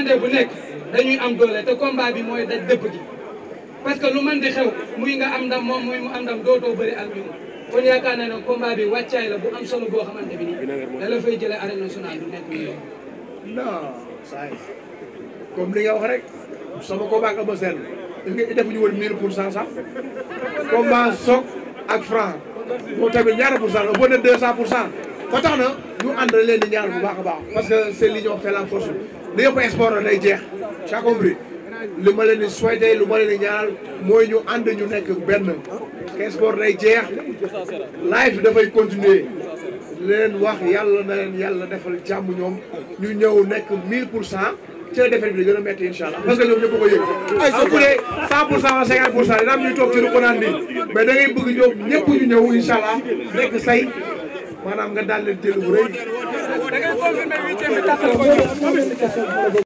àndee bu nekk dañuy am doole te combat bi mooy daj dëpp gi parce que lu mën di xew muy nga am ndam moom muy mu am ndam dootoo bëri ak ne combat bi wàccaay la bu am solo boo xamante bi nii da la fay jëlee arène non saa yi comme li nga wax rek sama combat ak Eumeu Sène est-ce que defuñu woon mille pour cent sax combat Sokh ak Franc moom tamit ñaara pour cent la boo ne deux pour cent ba tax na ñu ànd leen di ñaar bu baax a baax parce que c'est l'union fait la force li yëpp espoir la day jeex t'as compris li ma leen di souhaité lu ma leen di ñaanal mooy ñu ànd ñu nekk benn espoir day jeex live bi dafay continuer leen wax yàlla na leen yàlla defal jàmm ñoom ñu ñëw nekk 1000 pour cent ci la defet bi da gën a metti incha allah parce que ñoom ñëpp ko yëg bu dee cent pour cent pour cent ñuy toog ci lu ko naan nii mais da ngay bëgg ñoom ñëpp ñu ñëw incha allah nekk say maanaam nga daal leen jël bu rëy da ngay confirmer huitième bi taxal ko